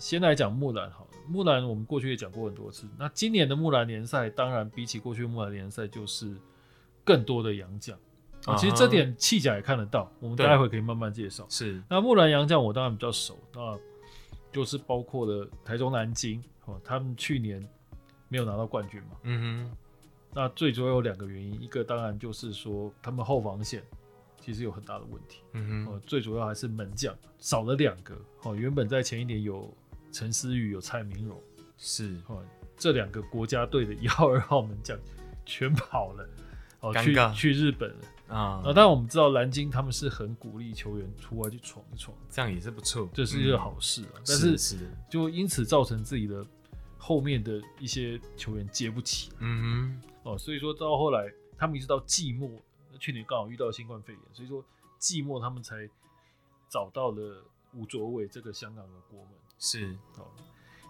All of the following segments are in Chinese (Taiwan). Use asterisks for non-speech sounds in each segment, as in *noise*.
先來講木蘭，好了，木蘭我們過去也講過很多次。那今年的木蘭聯賽，當然比起過去木蘭聯賽就是更多的洋將。啊、哦，其實這點企甲也看得到，uh-huh. 我們待會可以慢慢介紹。是，那木蘭洋將我當然比較熟，那就是包括了台中南京，哦，他們去年沒有拿到冠軍嘛。嗯哼。那最主要有兩個原因，一個當然就是說他們後防線其實有很大的問題。嗯哼。哦，最主要還是門將少了兩個，哦，原本在前一年有。陳思雨有蔡明榮，是哦、嗯，這兩個國家隊的一號、二號門將全跑了，哦，去去日本了、嗯、啊！但我們知道藍鯨他們是很鼓勵球員出來去闖一闖，這樣也是不錯，這、就是一個好事啊。嗯、但是是，就因此造成自己的後面的一些球員接不起，嗯哼，哦、嗯，所以說到後來，他們一直到季末，去年剛好遇到新冠肺炎，所以說季末他們才找到了吳卓偉這個香港的國門。是哦，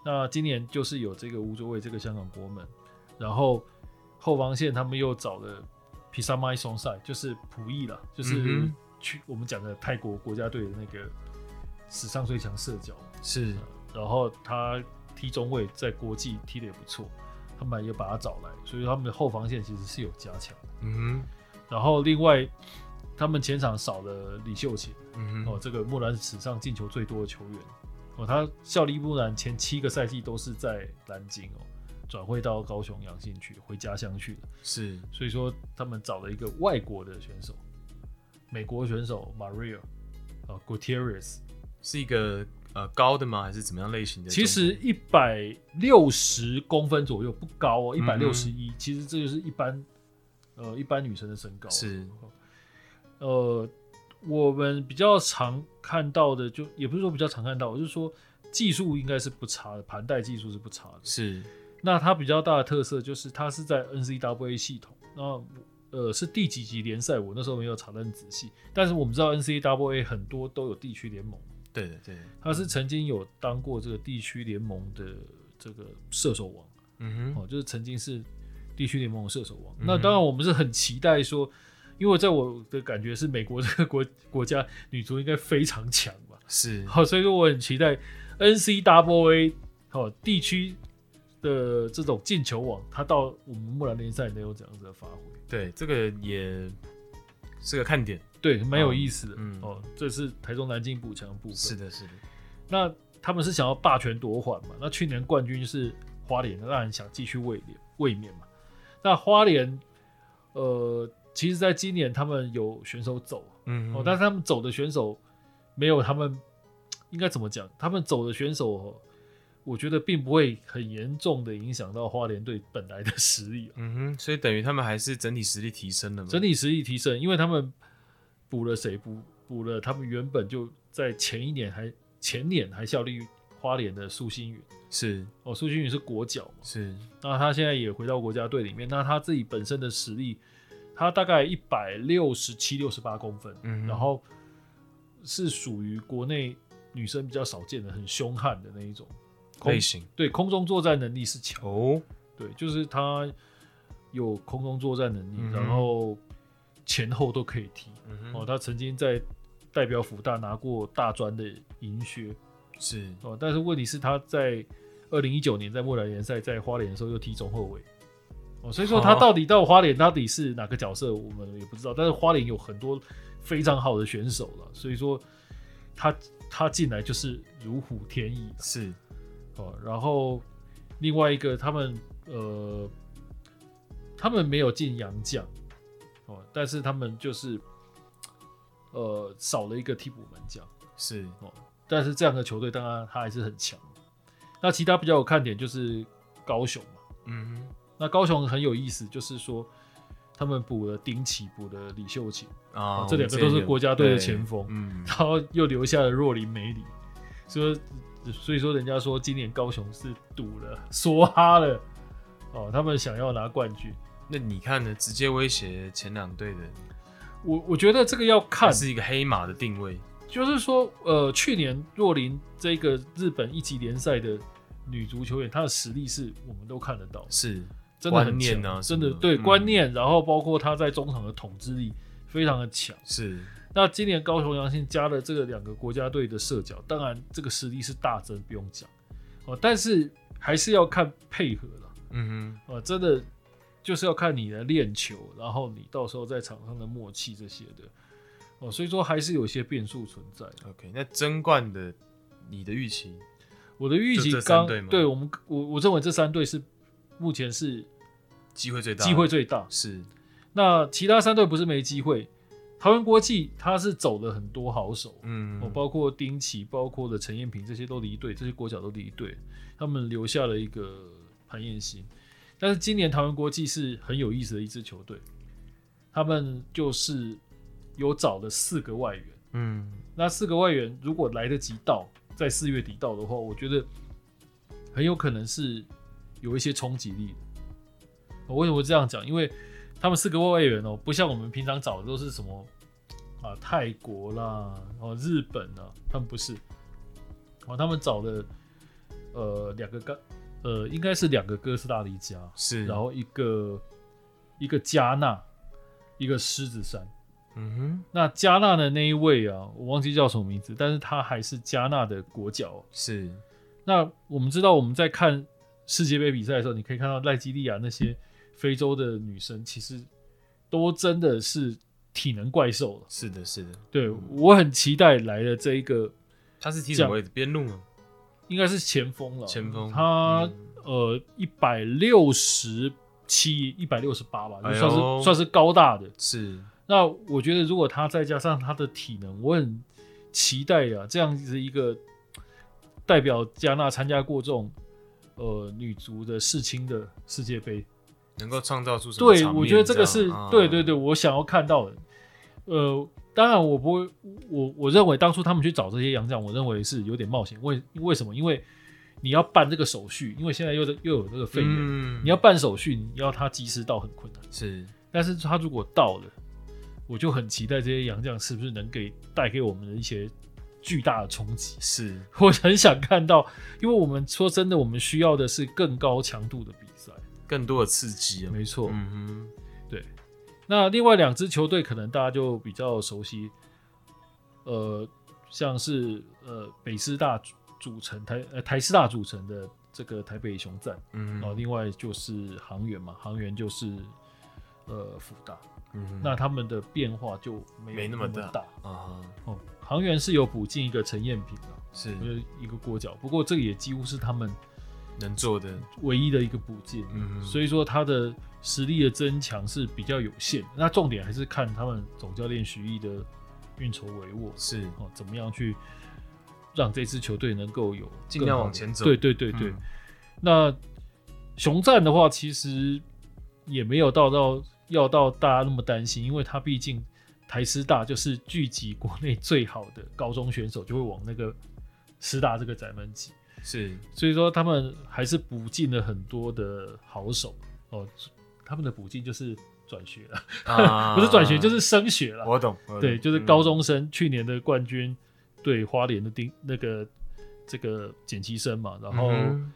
那今年就是有這個吳卓偉這個香港國門，然後後防線他們又找了皮薩麥松賽，就是普益啦，就是去我們講的泰國國家隊的那個史上最強射腳，是、嗯。然後他踢中衛，在國際踢的也不錯，他們也把他找來，所以他們的後防線其實是有加強。嗯，然後另外他們前場少了李秀琴、嗯、哦，這個木蘭史上進球最多的球員。哦，他效力不難，前七個賽季都是在南京哦，轉會到高雄陽信去回家鄉去了。是，所以說他們找了一個外國的選手，美國選手 Mario，呃，Gutierrez 是一個呃高的嗎？還是怎麼樣類型的？其實一百六十公分左右，不高哦，一百六十一，其實這就是一般，呃，一般女生的身高、啊、是、嗯，呃。我們比較常看到的就，就也不是說比較常看到，我、就是說技術應該是不差的，盤帶技術是不差的。是，那他比較大的特色就是他是在 NCAA 系統，那呃是第幾級聯賽？我那時候沒有查的很仔細，但是我們知道 NCAA 很多都有地區聯盟。對對對，他是曾經有當過這個地區聯盟的這個射手王，嗯哼，哦，就是曾經是地區聯盟的射手王、嗯。那當然我們是很期待說。因為我在我的感覺是，美國這個國國家女足應該非常強吧？是，好，所以說我很期待 NCAA 哦，地區的這種進球網，它到我們木蘭聯賽能有怎樣子的發揮？對，這個也是個看點，對，蠻有意思的。嗯，哦，這是台中藍鯨補強部分。是的，是的。那他們是想要霸權奪還嘛？那去年冠軍是花蓮，讓人想繼續衛冕，衛冕嘛？那花蓮，呃。其實，在今年他們有選手走，嗯，嗯，但是他們走的選手沒有他們應該怎麼講？他們走的選手，我覺得並不會很嚴重的影響到花蓮隊本來的實力啊。嗯哼，所以等於他們還是整體實力提升了嘛？整體實力提升，因為他們補了誰？補補了他們原本就在前一年還前年還效力於花蓮的蘇新宇。是哦，蘇新宇是國腳嘛？是。那他現在也回到國家隊裡面，那他自己本身的實力。他大概一百六十七、六十八公分，嗯，然後是屬於國內女生比較少見的，很凶悍的那一種空類型。對，空中作戰能力是強哦。對，就是他有空中作戰能力，嗯，然後前後都可以踢。嗯、哦，他曾經在代表福大拿過大專的銀靴。是，嗯、哦，但是問題是他在二零一九年在木蘭聯賽在花蓮的時候又踢中後衛。哦，所以說他到底到花蓮到底是哪個角色，我們也不知道。但是花蓮有很多非常好的選手了，所以說他他進來就是如虎添翼。是哦，然後另外一個他們呃，他們沒有進洋將哦，但是他們就是呃少了一個替補門將。是哦，但是這樣的球隊當然他還是很強。那其他比較有看點就是高雄嘛，嗯哼。那高雄很有意思，就是說，他們補了丁起，補了李秀琴啊、哦，這兩個都是國家隊的前鋒，啊、嗯，然後又留下了若林美里，所以說，所以說人家說今年高雄是賭了，梭哈了，哦，他們想要拿冠軍，那你看呢？直接威脅前兩隊的，我我覺得這個要看，是一個黑馬的定位，就是說，呃，去年若林這個日本一級聯賽的女足球員，她的實力是我們都看得到，是。真的很強呢、啊，真的對觀念、嗯，然後包括他在中場的統治力非常的強。是，那今年高雄陽性加了這個兩個國家隊的射腳，當然這個實力是大增，的不用講哦。但是還是要看配合了，嗯哼，哦，真的就是要看你的練球，然後你到時候在場上的默契這些的哦。所以說還是有些變數存在。OK，那爭冠的你的預期，我的預期剛對我們我我認為這三隊是。目前是機會最大，機會最大是。那其他三隊不是沒機會。台灣國際他是走了很多好手，嗯，嗯、哦，包括丁奇，包括了陳彥平，這些都離隊，這些國腳都離隊，他們留下了一個潘彥新。但是今年台灣國際是很有意思的一支球隊，他們就是有找了四個外援，嗯，嗯，那四個外援如果來得及到，在四月底到的話，我覺得很有可能是。有一些衝擊力的，哦，我為什麼這樣講？因為他們四個外援哦，不像我們平常找的都是什麼啊，泰國啦，哦，啊，日本啊，他們不是哦，啊，他們找的呃兩個哥呃應該是兩個哥斯達黎加，是，然後一個一個加納，一個獅子山，嗯哼，那加納的那一位啊，我忘記叫什麼名字，但是他還是加納的國腳，哦，是，那我們知道我們在看。世界杯比賽的時候，你可以看到奈及利亞那些非洲的女生，其實都真的是體能怪獸了。是的，是的，對，我很期待來的這一個，嗯、他是踢什麼位置？邊路嗎？應該是前鋒了。前鋒、嗯。他呃一百六十七，一百六十八吧，算是、哎、算是高大的。是。那我覺得如果他再加上他的體能，我很期待啊。這樣子一個代表加納參加過這種。呃，女足的世青的世界杯，能夠創造出什麼場面？對，我覺得這個是這、啊、對對對，我想要看到的。呃，當然，我不會，我我認為當初他們去找這些洋將，我認為是有點冒險。為為什麼？因為你要辦這個手續，因為現在又又有那個肺炎、嗯，你要辦手續，你要他及時到很困難。是，但是他如果到了，我就很期待這些洋將是不是能給帶給我們的一些。巨大的衝擊是，我很想看到，因為我們說真的，我們需要的是更高強度的比賽，更多的刺激、哦。沒錯，嗯哼，對。那另外兩支球隊可能大家就比較熟悉，呃，像是呃北師大組成台呃台師大組成的這個台北熊讚，嗯，然後另外就是航源嘛，航源就是呃輔大。嗯，那他們的變化就沒那麼大啊。哦，航、uh -huh. 嗯、源是有補進一個陳彥平的是一個國腳。不過這個也幾乎是他們能做的唯一的一個補進。嗯，所以說他的實力的增強是比較有限。那重點還是看他們總教練徐毅的運籌帷幄是哦、嗯，怎麼樣去讓這支球隊能夠有儘量往前走。對對對對。嗯、那雄戰的話，其實也沒有到到，要到大家那麼擔心，因為他畢竟台師大就是聚集國內最好的高中選手，就會往那個師大這個窄門擠。是、嗯，所以說他們還是補進了很多的好手哦。他們的補進就是轉學了，啊、 *laughs* 不是轉學就是升學了我。我懂，對，就是高中生、嗯、去年的冠軍對花蓮的丁那個這個剪輯生嘛，然後、嗯、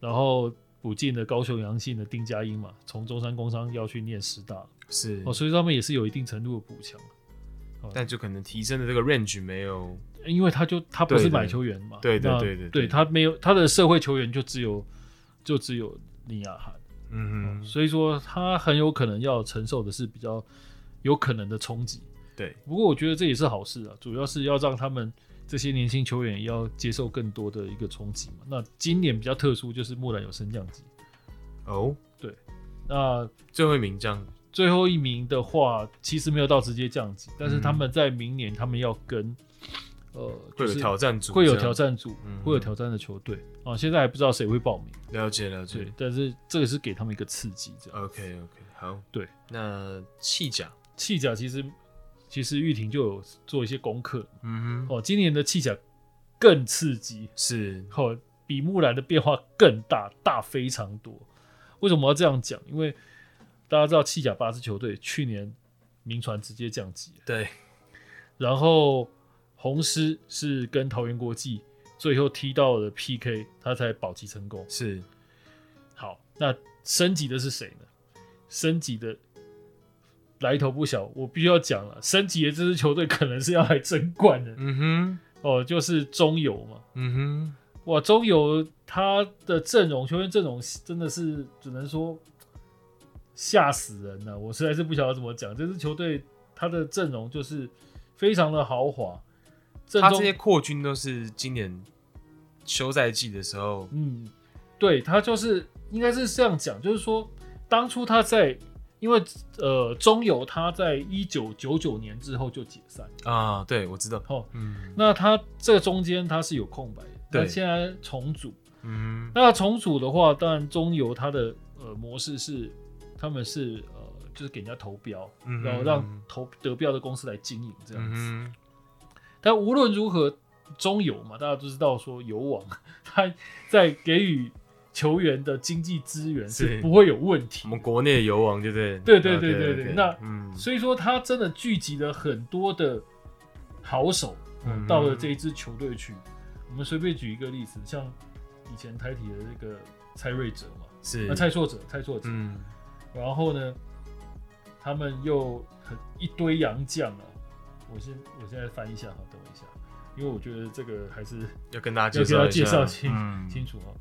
然後。補進的高雄陽性的丁家英嘛，從中山工商要去念師大，是哦，所以他們也是有一定程度的補強，但就可能提升的這個 range 沒有，因為他就他不是買球員嘛，對對對對,對,對,對,對,對，他沒有他的社會球員就只有就只有李亞涵，嗯嗯、哦，所以說他很有可能要承受的是比較有可能的衝擊，對，不過我覺得這也是好事啊，主要是要讓他們。這些年輕球員要接受更多的一個衝擊嘛？那今年比較特殊，就是木蘭有升降級。哦、oh?，對。那最後一名降級，最後一名的話，其實沒有到直接降級，嗯、但是他們在明年，他們要跟，呃，就是、會有挑戰組，會有挑戰組，會有挑戰的球隊、嗯、啊。現在還不知道誰會報名。了解，了解。但是這個是給他們一個刺激這樣，OK OK，好。對，那企甲，企甲其實。其實玉婷就有做一些功課，嗯哼，哦，今年的企甲更刺激，是，哦，比木蘭的變化更大，大非常多。為什麼要這樣講？因為大家知道企甲八支球隊去年銘傳直接降級，對，然後紅獅是跟桃園國際最後踢到了 PK，他才保級成功，是。好，那升級的是誰呢？升級的，來頭不小，我必須要講了。升級的這支球隊可能是要來爭冠的。嗯哼，哦，就是中游嘛。嗯哼，哇，中游他的陣容，球員陣,陣容真的是只能說嚇死人了。我實在是不曉得怎麼講，這支球隊他的陣容就是非常的豪華。他這些擴軍都是今年休賽季的時候。嗯，對，他就是應該是這樣講，就是說當初他在。因為呃，中油它在一九九九年之後就解散啊，對，我知道。哦，嗯，那它這個中間它是有空白，那現在重組，嗯，那重組的話，當然中油它的呃模式是，他們是呃就是給人家投標，嗯、然後讓投得標的公司來經營這樣子，嗯、但無論如何，中油嘛，大家都知道說油網 *laughs* 它在給予。球員的經濟資源，是不會有問題。我們國內油王就對不對？對對對對對。Okay, okay. 那、嗯，所以說他真的聚集了很多的好手，嗯嗯、到了這一支球隊去。我們隨便舉一個例子，像以前台體的那個蔡瑞哲嘛，是那、呃、蔡碩哲、蔡碩哲、嗯。然後呢，他們又很一堆洋將啊、哦。我先，我現在翻一下哈，等我一下，因為我覺得這個還是要跟，要跟大家介紹清楚、嗯、清楚、哦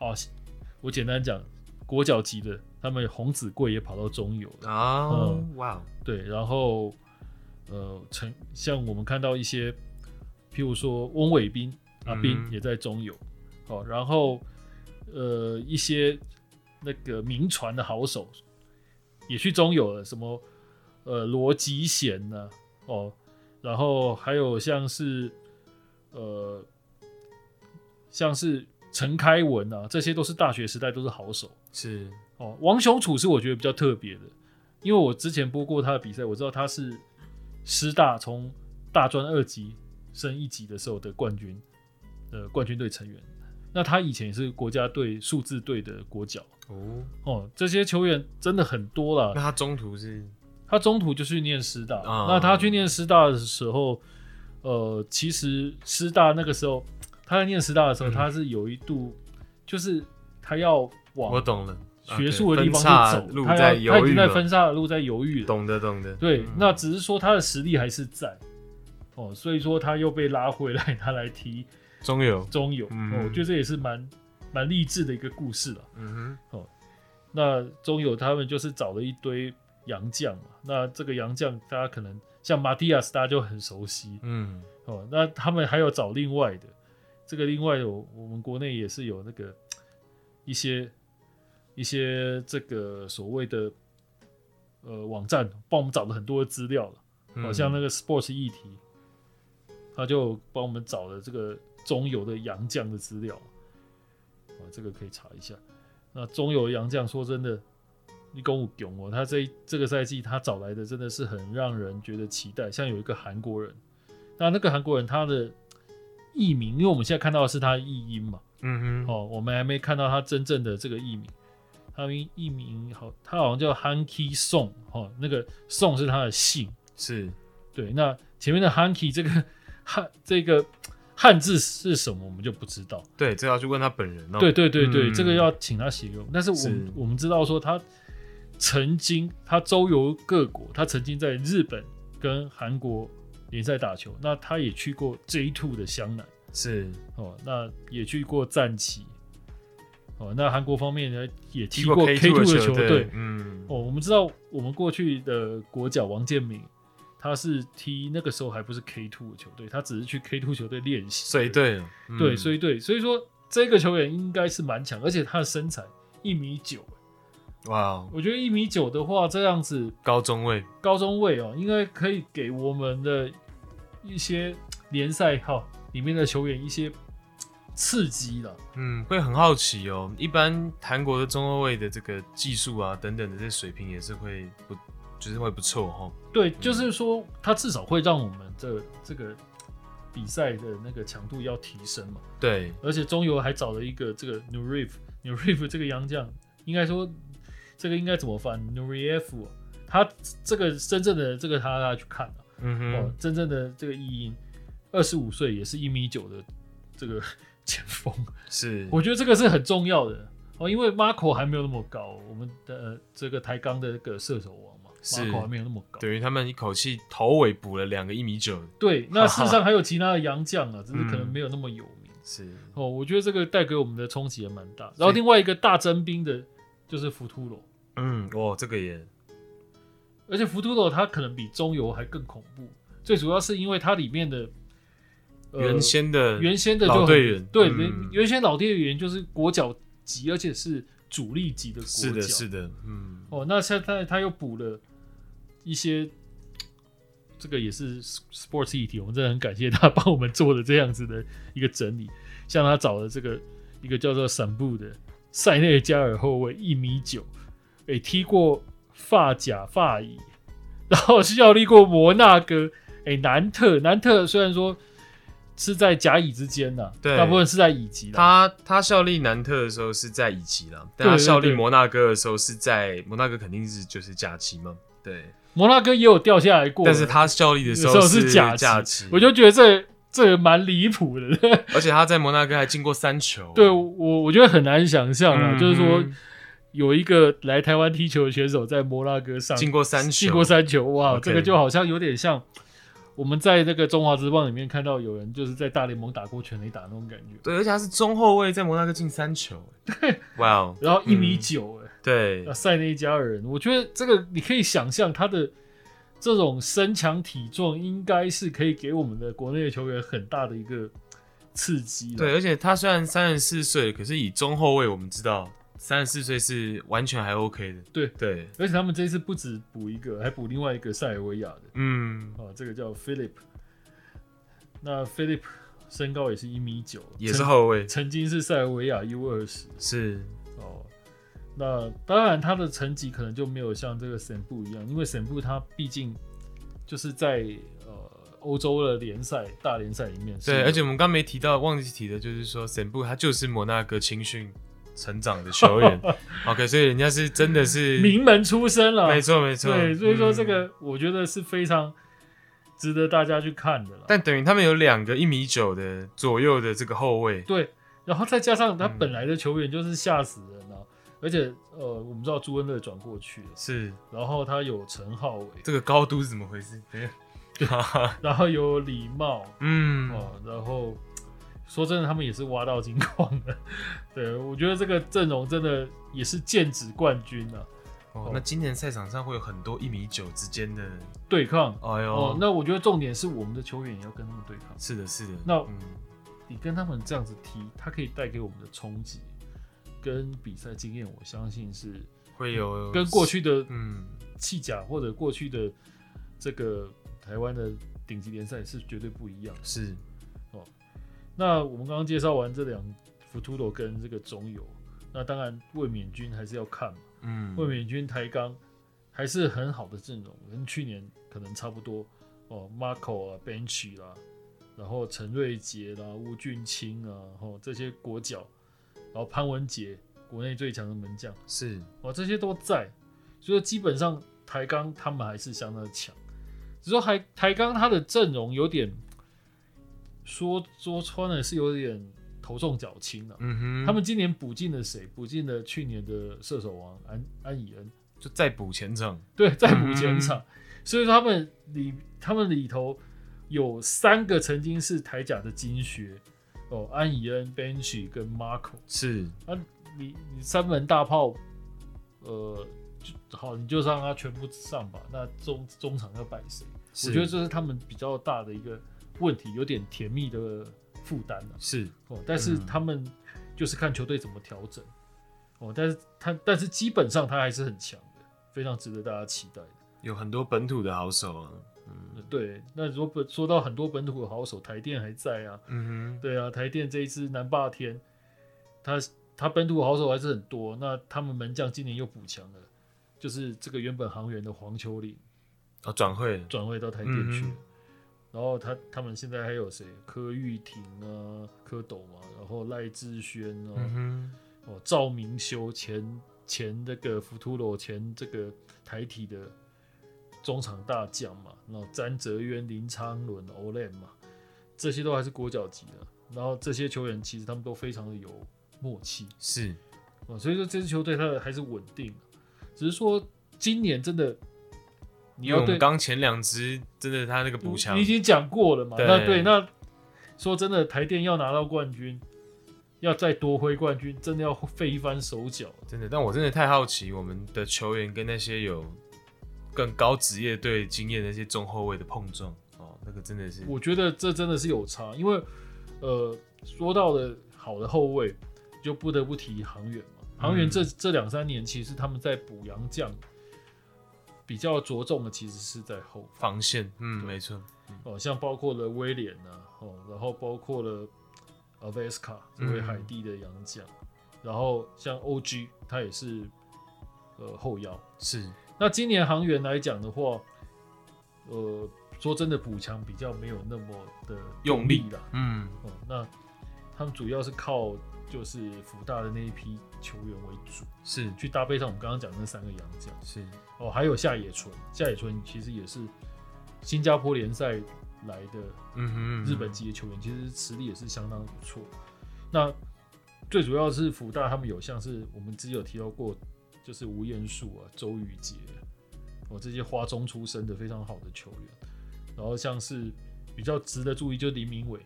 哦，我簡單講，國腳級的，他們洪子貴也跑到中油了啊，哇，oh, wow. 嗯！對，然後呃成，像我們看到一些，譬如說翁偉斌啊斌也在中油，mm -hmm. 哦，然後呃一些那個銘傳的好手也去中油了，什麼呃羅吉賢呢、啊？哦，然後還有像是呃像是。陳開文啊，這些都是大學時代都是好手，是哦。王雄楚是我覺得比較特別的，因為我之前播過他的比賽，我知道他是師大從大專二級升一級的時候的冠軍，呃，冠軍隊成員。那他以前也是國家隊數字隊的國腳哦。哦，這些球員真的很多了。那他中途是？他中途就是去念師大，啊。那他去念師大的時候，呃，其實師大那個時候。他在念師大的時候，嗯，他是有一度，就是他要往學術的地方去走 okay, 路在，他在他已經在分岔的路在猶豫了。懂得懂得，對，嗯，那只是說他的實力還是在哦，所以說他又被拉回來，他來踢中友中友，嗯哦，我覺得這也是蠻蠻勵志的一個故事了。嗯哼，哦，那中友他們就是找了一堆洋將，那這個洋將大家可能像馬蒂亞斯大家就很熟悉，嗯，哦，那他們還有找另外的。這個另外有，我們國內也是有那個一些一些這個所謂的呃網站幫我們找了很多的資料了，好、嗯啊、像那個 Sports 議題，他就幫我們找了這個中游的洋將的資料哇，這個可以查一下。那中游洋將說真的，你跟我講哦，他這這個賽季他找來的真的是很讓人覺得期待，像有一個韓國人，那那個韓國人他的。譯名，因為我們現在看到的是他的譯音嘛，嗯哼，哦，我們還沒看到他真正的這個譯名，他們譯名。好，他好像叫 Hankey 宋，哦，那個宋是他的姓，是對，那前面的 Hankey 這個漢這個漢字是什麼，我們就不知道，對，這要去問他本人哦，對對對對，嗯、這個要請他協用。但是我們是我們知道說他曾經他周遊各國，他曾經在日本跟韓國。聯賽打球，那他也去過 J Two 的湘南，是哦，那也去過戰旗，哦，那韓國方面呢也踢過 K Two 的球隊，嗯，哦，我們知道我們過去的國腳王建明，他是踢那個時候還不是 K Two 的球隊，他只是去 K Two 球隊練習，水隊，嗯，對，所以，對所以說這個球員應該是蠻強，而且他的身材一米九。哇、wow，我覺得一米九的話，這樣子高中位，高中位哦、喔，應該可以給我們的一些聯賽哈，裡面的球員一些刺激了。嗯，會很好奇哦、喔。一般韓國的中後衛的這個技術啊等等的這水平也是會不，就是會不錯哈、喔。對、嗯，就是說他至少會讓我們這這個比賽的那個強度要提升嘛。對，而且中游還找了一個這個 New Reef New Reef 這個洋將，應該說。這個應該怎麼翻？Nuriev，、啊、他這個真正的這個他，他大家去看、啊、嗯哼，哦，真正的這個意音。二十五歲也是一米九的這個前鋒。是，我覺得這個是很重要的哦，因為 Marco 還沒有那麼高，我們的、呃、這個台鋼的這個射手王嘛 Marco 還沒有那麼高，等於他們一口氣頭尾補了兩個一米九。對，那事實上還有其他的洋將啊哈哈，只是可能沒有那麼有名。嗯、是，哦，我覺得這個帶給我們的衝擊也蠻大。然後另外一個大徵兵的就是福托羅。嗯，哦，這個也，而且福都羅他可能比中游還更恐怖，最主要是因為它裡面的原先的、原先的老隊員，原隊員對原、嗯、原先老隊員就是國腳級，而且是主力級的國腳。是的，是的，嗯，哦，那現在他又補了一些，這個也是 sports 一體，我們真的很感謝他幫我們做的這樣子的一個整理，像他找的這個一個叫做沈布的塞內加爾後衛，一米九。誒、欸，踢過法甲、法乙，然後效力過摩納哥。誒、欸，南特，南特雖然說是在甲乙之間呢，大部分是在乙級。他他效力南特的時候是在乙級了，但他效力摩納哥的時候是在對對對，摩納哥，肯定是就是甲級嘛。對，摩納哥也有掉下來過，但是他效力的時候是甲級，甲級。我就覺得這個、這蠻離譜的， *laughs* 而且他在摩納哥還進過三球。對我，我覺得很難想象啊、嗯，就是說。有一個來台灣踢球的選手在摩納哥上進過三進過三球，哇，okay. 這個就好像有點像我們在這個中華職棒裡面看到有人就是在大聯盟打過全壘打那種感覺。對，而且他是中後衛在摩納哥進三球，對，哇、wow，然後一米九哎、嗯，對，塞那塞內加爾人，我覺得這個你可以想象他的這種身強體壯，應該是可以給我們的國內的球員很大的一個刺激。對，而且他雖然三十四歲，可是以中後衛我們知道。三十四歲是完全還 OK 的，對對，而且他們這一次不止補一個，還補另外一個塞爾維亞的，嗯，哦，這個叫 Philip，那 Philip 身高也是一米九，也是後衛，曾經是塞爾維亞 U 二十，是哦，那當然他的成績可能就沒有像這個沈布一樣，因為沈布他畢竟就是在呃歐洲的聯賽大聯賽裡面，對，而且我們剛沒提到忘記提的就是說沈布他就是摩納哥青訓。成長的球員 *laughs* ，OK，所以人家是真的是名門出身了，沒錯沒錯。對、嗯，所以說這個我覺得是非常值得大家去看的了。但等於他們有兩個一米九的左右的這個後衛，對，然後再加上他本來的球員就是嚇死人了、啊嗯。而且呃，我們知道朱恩樂轉過去了，是，然後他有陳浩瑋，這個高度是怎麼回事？對 *laughs* 然後有禮貌。嗯，然後。說真的，他們也是挖到金礦的。 *laughs* 對我覺得這個陣容真的也是劍指冠軍啊！哦，那今年賽場上會有很多一米九之間的對抗。哎呦、哦，那我覺得重點是我們的球員也要跟他們對抗。是的，是的。那、嗯、你跟他們這樣子踢，他可以帶給我們的衝擊跟比賽經驗，我相信是會有,有、嗯、跟過去的嗯，企甲或者過去的這個台灣的頂級聯賽是絕對不一樣。是。那我們剛剛介紹完這兩幅圖鬥跟這個中游，那當然衛冕軍還是要看嘛。嗯，衛冕軍台鋼還是很好的陣容，跟去年可能差不多哦。Marco 啊，Benchi、啊、然後陳瑞杰啦、啊，吳俊清啊，然、哦、後這些國腳，然後潘文杰，國內最強的門將，是哦，這些都在，所以基本上台鋼他們還是相當強。只是說還台鋼他的陣容有點。說說穿了是有點頭重腳輕的。嗯哼，他們今年補進了誰？補進了去年的射手王安安以恩，就在補前場。對，在補前場、嗯。所以說他們裡他們裡頭有三個曾經是台甲的金靴哦，安以恩、Benji 跟 Marco。是，啊，你你三門大炮，呃，就好你就讓他全部上吧。那中中場要擺誰？我覺得這是他們比較大的一個。問題有點甜蜜的負擔了，是哦、喔，但是他們就是看球隊怎麼調整，哦、嗯喔，但是他但是基本上他還是很強的，非常值得大家期待的。有很多本土的好手啊，嗯，對，那如果說到很多本土的好手，台電還在啊，嗯哼，對啊，台電這一支南霸天，他他本土的好手還是很多，那他們門將今年又補強了，就是這個原本航源的黃秋玲啊，轉會轉會到台電去、嗯然後他他們現在還有誰？柯玉庭啊，柯斗嘛，然後賴志軒，啊嗯，哦，哦趙明修前前這個福圖羅前這個台體的中場大將嘛，然後詹澤淵、林昌倫、歐萊嘛，這些都還是國腳級的。然後這些球員其實他們都非常的有默契，是啊，哦，所以說這支球隊他還是穩定，只是說今年真的。因為我們剛前兩支真的，他那個補強你已經講過了嘛。對，那對，那說真的，台電要拿到冠軍，要再奪回冠軍，真的要費一番手腳。真的，但我真的太好奇我們的球員跟那些有更高職業隊經驗那些中後衛的碰撞哦，那個真的是我覺得這真的是有差，因為呃，說到的好的後衛就不得不提航源嘛，航源這、嗯、這兩三年其實他們在補洋將。比較着重的其實是在後方防線，嗯，沒錯，哦、嗯，像包括了威廉呢、啊，哦，然後包括了阿維斯卡這位海地的洋將、嗯，然後像 OG 他也是，呃、後腰，是，那今年航源來講的話，呃說真的補強比較沒有那麼的力啦用力了。嗯，哦、嗯，那他們主要是靠。就是福大的那一批球員為主，是去搭配上我們剛剛講的那三個洋將，是哦，還有夏野純，夏野純其實也是新加坡聯賽來的，的，嗯哼，嗯哼，日本籍的球員其實實力也是相當不錯。那最主要是福大他們有像是我們之前有提到過，就是吳彥樹啊、周宇杰哦這些花中出身的非常好的球員，然後像是比較值得注意，就是林明偉。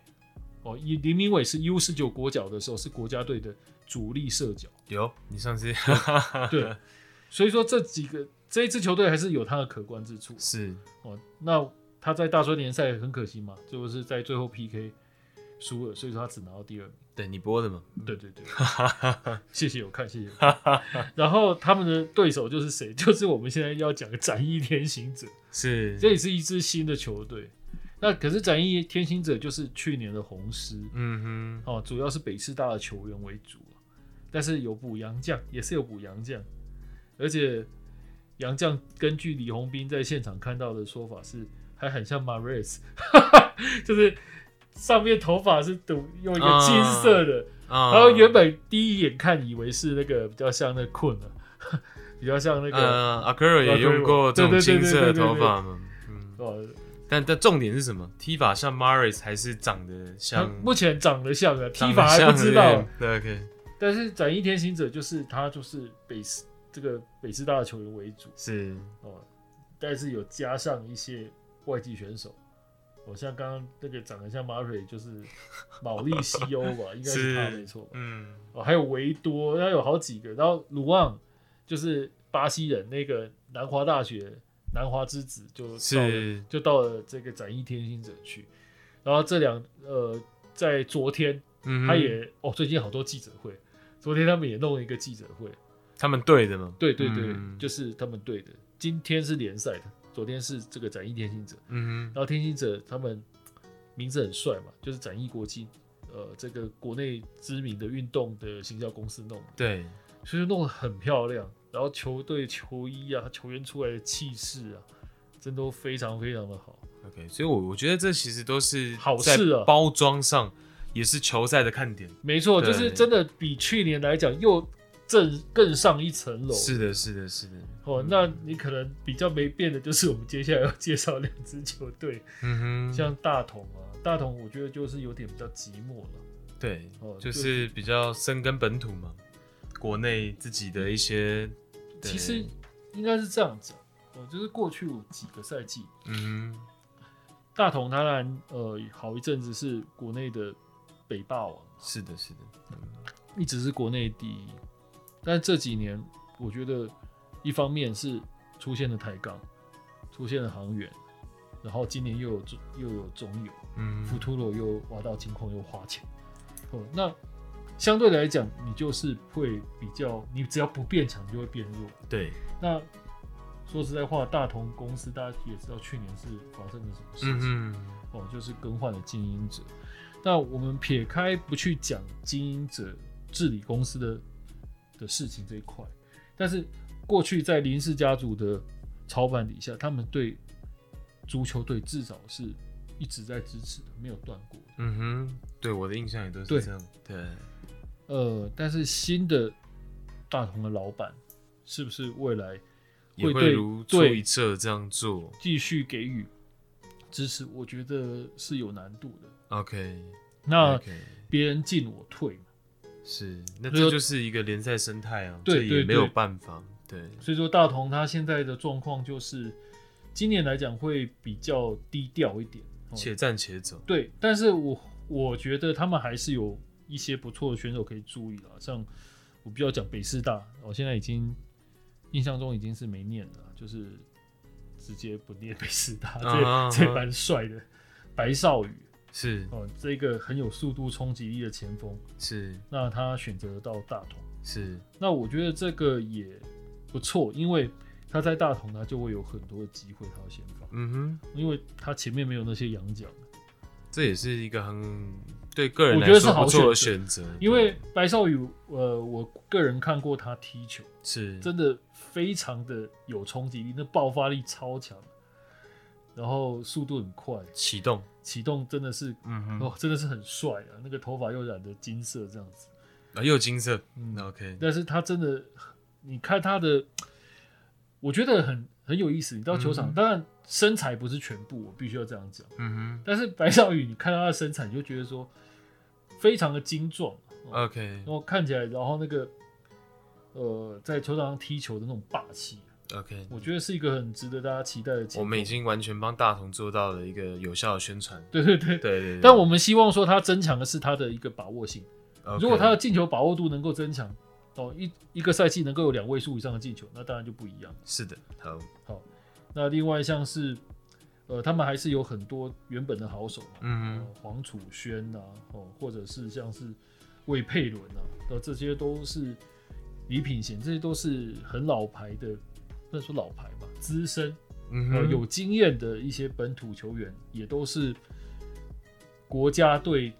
哦，以林明偉是 U 十九國腳的時候，是國家隊的主力射腳。有，你上次 *laughs* 對，所以說這幾個這一支球隊還是有它的可觀之處。是哦，那他在大專聯賽很可惜嘛，就是在最後 PK 輸了，所以說他只拿到第二名。對你播的嘛？對對對，哈哈哈，謝謝我看，謝謝看。 *laughs* 然後他們的對手就是誰？就是我們現在要講的展翼天行者。是，這也是一支新的球隊。那可是展翼天行者就是去年的紅獅，嗯哼，哦，主要是北市大的球員為主，但是有補洋將，也是有補洋將，而且洋將根據李紅斌在現場看到的說法是還很像 Maris *laughs* 就是上面頭髮是都用一個金色的，uh, uh, 然後原本第一眼看以為是那個比較像那困了，比較像那個阿奎羅，uh, 也用過這種金色的頭髮嘛，對對對對對，嗯。嗯但但重點是什麼？踢法像 Maris 還是長得像？目前長得像啊，踢法還不知道。對，OK，但是展翼天行者，就是他，就是北師這個北師大的球員為主，是哦。但是有加上一些外籍選手，哦，像剛剛那個長得像 Maris 就是保利西歐吧， *laughs* 應該是他沒錯。嗯。哦，還有維多，那有好幾個。然後盧旺就是巴西人，那個南華大學。南華之子就到了，是就到了這個展逸天行者去，然後這兩呃在昨天、嗯、他也哦最近好多記者會，昨天他們也弄了一個記者會，他們隊的嗎？對對對，嗯、就是他們隊的。今天是聯賽的，昨天是這個展逸天行者。嗯，然後天行者他們名字很帥嘛，就是展逸國際，呃，這個國內知名的運動的行銷公司弄的，對，所以弄得很漂亮。然後球隊球衣啊，球員出來的氣勢啊，真都非常非常的好。OK，所以我，我我覺得這其實都是好事啊。包裝上也是球賽的看點。沒錯，就是真的比去年來講又正更上一層樓。是的，是的，是的。哦，嗯、那你可能比較沒變的，就是我們接下來要介紹兩支球隊。嗯哼，像大同啊，大同，我覺得就是有點比較寂寞了。對、哦就是，就是比較深耕本土嘛，國內自己的一些、嗯。其實應該是這樣子，我、呃、就是過去有幾個賽季，嗯，大同當然呃，好一陣子是國內的北霸王，是的，是的，嗯、一直是國內第一。但是這幾年，我覺得一方面是出現了台鋼，出現了航源，然後今年又有又有中游，嗯，富途羅又挖到金礦又花錢，哦、呃，那。相對來講，你就是會比較，你只要不變強，就會變弱。對，那說實在話，大同公司大家也知道，去年是發生了什麼事情？情、嗯。哦，就是更換了經營者。那我們撇開不去講經營者治理公司的的事情這一塊，但是過去在林氏家族的操辦底下，他們對足球隊至少是一直在支持的，沒有斷過。嗯哼，對我的印象也都是這樣。對。對呃，但是新的大同的老闆是不是未來會也會如出一轍這樣做？繼續給予支持，我覺得是有難度的。OK，okay。那別人進我退嘛，是，那這就是一個聯賽生態啊，對，對對也沒有辦法。對，所以說大同他現在的狀況就是，今年來講會比較低調一點，且戰且走。對，但是我我覺得他們還是有。一些不錯的選手可以注意了、啊，像我比較講北市大，我、哦、現在已經印象中已經是沒念了，就是直接不念北市大這。Uh -huh. 這這蠻帥的，uh -huh. 白少宇是哦、嗯，這個很有速度衝擊力的前鋒是。那他選擇到大同是、嗯，那我覺得這個也不錯，因為他在大同他就會有很多機會他的前嗯哼，uh -huh. 因為他前面沒有那些洋將，這也是一個很。對個人來說，我覺得是好的選擇，因為白少宇，呃，我個人看過他踢球，是真的非常的有衝擊力，那爆發力超強，然後速度很快，啟動啟動真的是，嗯，哦，真的是很帥啊，那個頭髮又染的金色這樣子，啊，又金色，嗯，OK，但是他真的，你看他的。我覺得很很有意思，你到球場、嗯，當然身材不是全部，我必須要這樣講。嗯哼，但是白少宇，你看到他的身材，你就覺得說非常的精壯。OK，然後、哦、看起來，然後那個呃，在球場上踢球的那種霸氣。OK，我覺得是一個很值得大家期待的。我們已經完全幫大同做到了一個有效的宣傳。對對對對，對，對但我們希望說，他增強的是他的一個把握性。Okay. 如果他的進球把握度能夠增強。哦，一一個賽季能夠有兩位數以上的進球，那當然就不一樣。是的，好，好、哦。那另外像是，呃，他們還是有很多原本的好手嘛、啊，嗯、哦，黃楚軒啊，哦，或者是像是魏佩倫啊、呃，這些都是李品賢，這些都是很老牌的，不能說老牌吧，資深，嗯、呃，有經驗的一些本土球員，也都是國家隊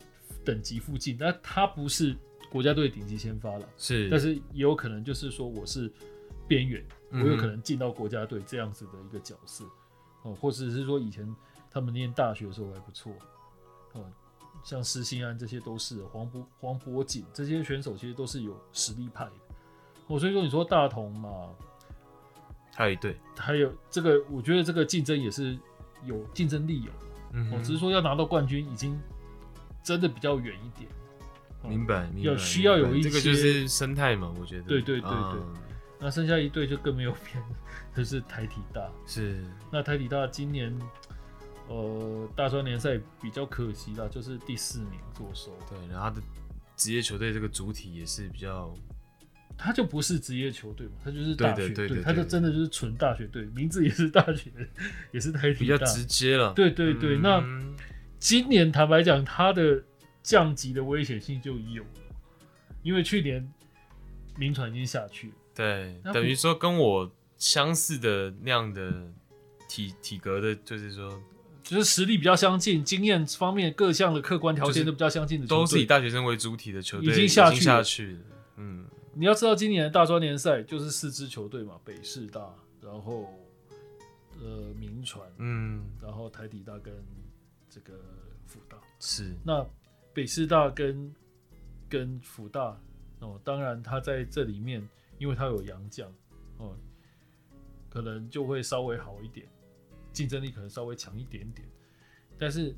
等級附近，那他不是，國家隊頂級先發了，是，但是也有可能就是說我是邊緣，我有可能進到國家隊這樣子的一個角色，哦、嗯嗯，或者是說以前他們念大學的時候還不錯，哦、嗯，像施鑫安這些都是黃博黃博景這些選手其實都是有實力派的，哦、嗯，所以說你說大同嘛，還有一隊，還有這個我覺得這個競爭也是有競爭力有，嗯，只是說要拿到冠軍已經真的比較遠一點。嗯、明白，要需要有一些，這個就是生態嘛，我覺得。對對對對，嗯、那剩下一隊就更沒有變，就是台體大。是，那台體大今年，呃，大專聯賽比較可惜了，就是第四名作收。對，然後他的，職業球隊這個主體也是比較，他就不是職業球隊嘛，他就是大學隊，他就真的就是純大學隊，名字也是大學，也是台體大。比較直接了。對對對，嗯、那今年坦白講，他的。降級的危險性就已有了，因為去年銘傳已經下去了。對，等於說跟我相似的那樣的體體格的，就是說，就是實力比較相近，經驗方面各項的客觀條件都比較相近的，就是、都是以大學生為主體的球隊已，已經下去了。嗯，你要知道，今年的大專聯賽就是四支球隊嘛，北市大，然後呃銘傳，嗯，然後台體大跟這個輔大是那。北師大跟跟輔大哦，當然他在這裡面，因為他有洋將哦、嗯，可能就會稍微好一點，競爭力可能稍微強一點點。但是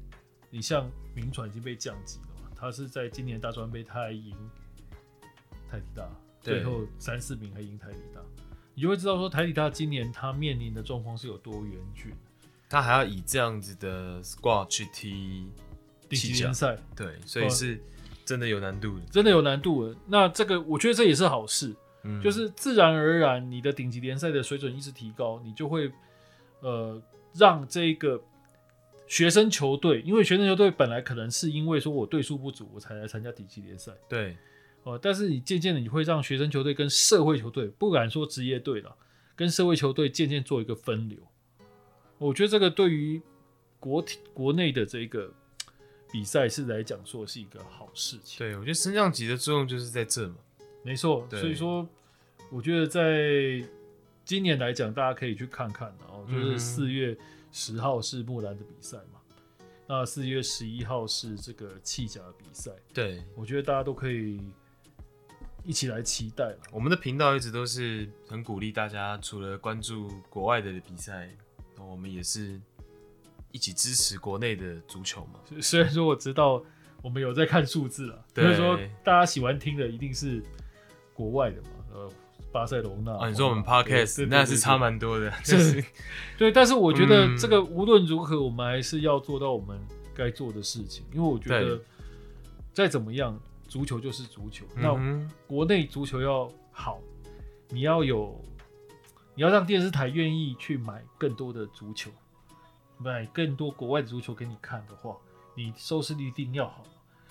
你像銘傳已經被降級了嘛，他是在今年大專杯他還贏台體大，最後三四名還贏台體大，你就會知道說台體大今年他面臨的狀況是有多嚴峻，他還要以這樣子的 squad 去踢。聯賽，對，所以是真的有難度的，嗯，真的有難度。那這個，我覺得這也是好事，嗯，就是自然而然，你的頂級聯賽的水準一直提高，你就會呃讓這一個學生球隊，因為學生球隊本來可能是因為說我隊數不足，我才來參加頂級聯賽，對哦，呃。但是你漸漸的，你會讓學生球隊跟社會球隊，不敢說職業隊了，跟社會球隊漸漸做一個分流。我覺得這個對於國體國內的這個。比賽是來講說是一個好事情，對，我覺得升降級的作用就是在這嘛，沒錯，所以說我覺得在今年來講，大家可以去看看哦、喔，就是四月十號是木蘭的比賽嘛，嗯、那四月十一號是這個企甲的比賽，對，我覺得大家都可以一起來期待了。我們的頻道一直都是很鼓勵大家，除了關注國外的比賽，我們也是。一起支持國內的足球嘛，雖然說我知道我們有在看數字了，所以、就是、說大家喜歡聽的一定是國外的嘛。呃，巴塞羅那、啊，你說我們 podcast 那是差蠻多的，對，對。但是我覺得這個無論如何，我們還是要做到我們該做的事情，因為我覺得再怎麼樣，足球就是足球。嗯嗯，那國內足球要好，你要有，你要讓電視台願意去買更多的足球，買更多國外的足球給你看的話，你收視率一定要好。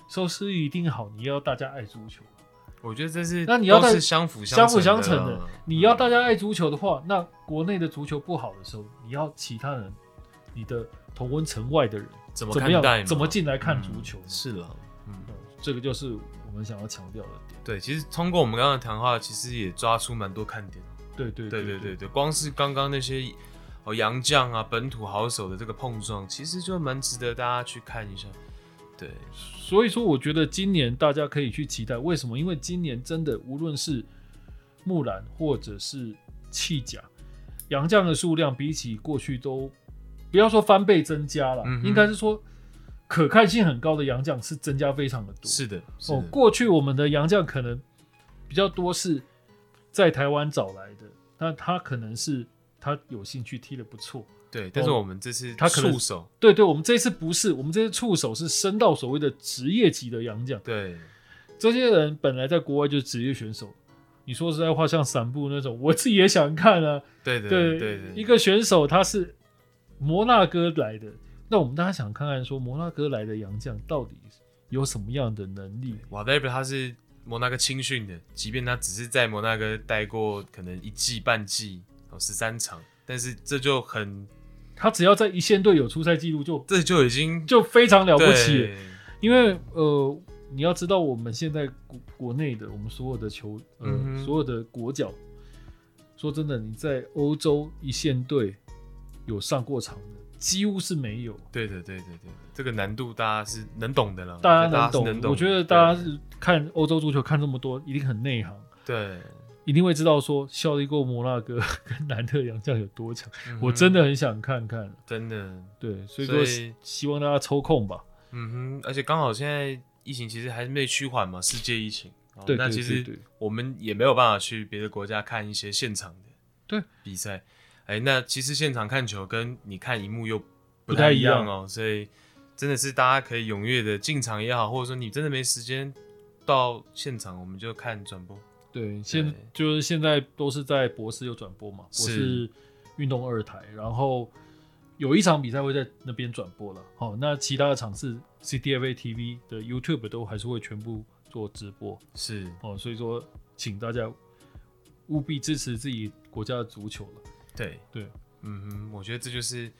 收視率一定好，你要大家愛足球。我覺得這是那你要是相輔相輔相成的，相輔相成的、嗯。你要大家愛足球的話，那國內的足球不好的時候，你要其他人，嗯、你的同溫城外的人怎麼看待？怎麼進來看足球、嗯？是了嗯，嗯，這個就是我們想要強調的點。對，其實通過我們剛剛的談話，其實也抓出蠻多看點。對對對對對對，對，對，光是剛剛那些。哦，洋將啊，本土好手的這個碰撞，其實就蠻值得大家去看一下，對。所以說，我覺得今年大家可以去期待，為什麼？因為今年真的無論是木蘭或者是企甲，洋將的數量比起過去都不要說翻倍增加了、嗯，應該是說可看性很高的洋將是增加非常的多，是的。是的，哦，過去我們的洋將可能比較多是在台灣找來的，但他可能是。他有興趣踢得不錯，對、哦，但是我們這次他觸手，手對，對對，我們這次不是，我們這次觸手是升到所謂的職業級的洋將。對，這些人本來在國外就是職業選手。你說實在話，像散步那種，我自己也想看啊。對對對、對、對、對，一個選手他是摩納哥來的，那我們大家想看看說摩納哥來的洋將到底有什麼樣的能力？瓦貝布他是摩納哥青訓的，即便他只是在摩納哥待過可能一季半季。哦、十三場，但是這就很，他只要在一線隊有出賽記錄，就這就已經就非常了不起，對對對對，因為呃，你要知道我們現在國內的我們所有的球，呃，嗯、所有的國腳，說真的，你在歐洲一線隊有上過場的幾乎是沒有，對的，對對對，這個難度大家是能懂的了，大家，大家能懂，我覺得大家是看歐洲足球看這麼多，一定很內行，對。一定會知道說效力過摩納哥跟南特洋將，有多強，嗯，我真的很想看看，真的。對，所以希望大家抽空吧。嗯哼，而且剛好現在疫情其實還沒趨緩嘛，世界疫情。對對對，對、喔。那其實我們也沒有辦法去別的國家看一些現場的比賽，對比賽。哎、欸，那其實現場看球跟你看熒幕又不太一樣哦、喔，所以真的是大家可以踴躍的進場也好，或者說你真的沒時間到現場，我們就看轉播。對，現就是現在都是在博斯有轉播嘛，博斯運動二台，然後有一場比賽會在那邊轉播了，哦，那其他的場次 CTFA TV 的 YouTube 都還是會全部做直播，是哦，所以說請大家務必支持自己國家的足球了，對對，嗯哼，我覺得這就是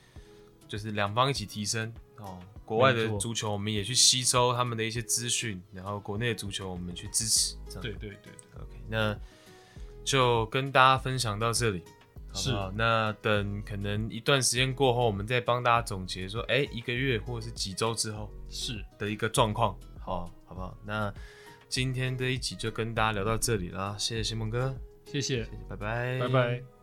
就是兩方一起提升。哦，國外的足球我們也去吸收他們的一些資訊，然後國內的足球我們去支持，這樣。對對對對，OK，那就跟大家分享到這裡，好吧？是。那等可能一段時間過後，我們再幫大家總結說，哎，一個月或者是幾周之後是的一個狀況，好，好不好？那今天的一集就跟大家聊到這裡啦，謝謝先萌哥，謝謝，謝謝，拜拜，拜拜。